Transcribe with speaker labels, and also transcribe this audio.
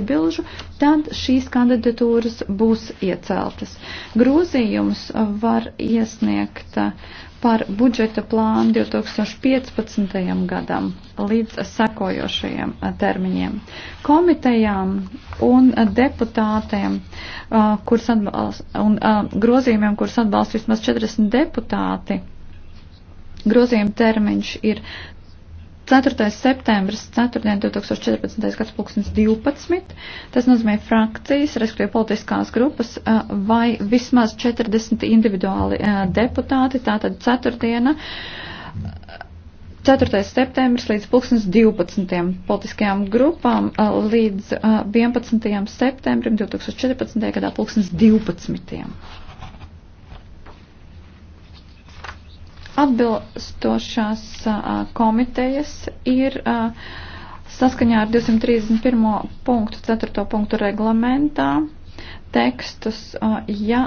Speaker 1: iebilžu, tad šīs kandidatūras būs ieceltas. Grozījums uh, var iesniegt uh, par budžeta plānu 2015. gadam līdz sekojošajiem uh, termiņiem. Komitejām un deputātiem kurs atbalst, un grozījumiem, kurus atbalsta vismaz 40 deputāti, grozījuma termiņš ir 4. septembris, 4. 2014. gads, pulkstens 12. Tas nozīmē frakcijas, respektīvi politiskās grupas, vai vismaz 40 individuāli deputāti, tātad 4. 4. septembris līdz 2012. politiskajām grupām līdz 11. septembrim 2014. gadā 2012. Atbilstošās komitejas ir saskaņā ar 231. punktu 4. punktu reglamentā tekstus, ja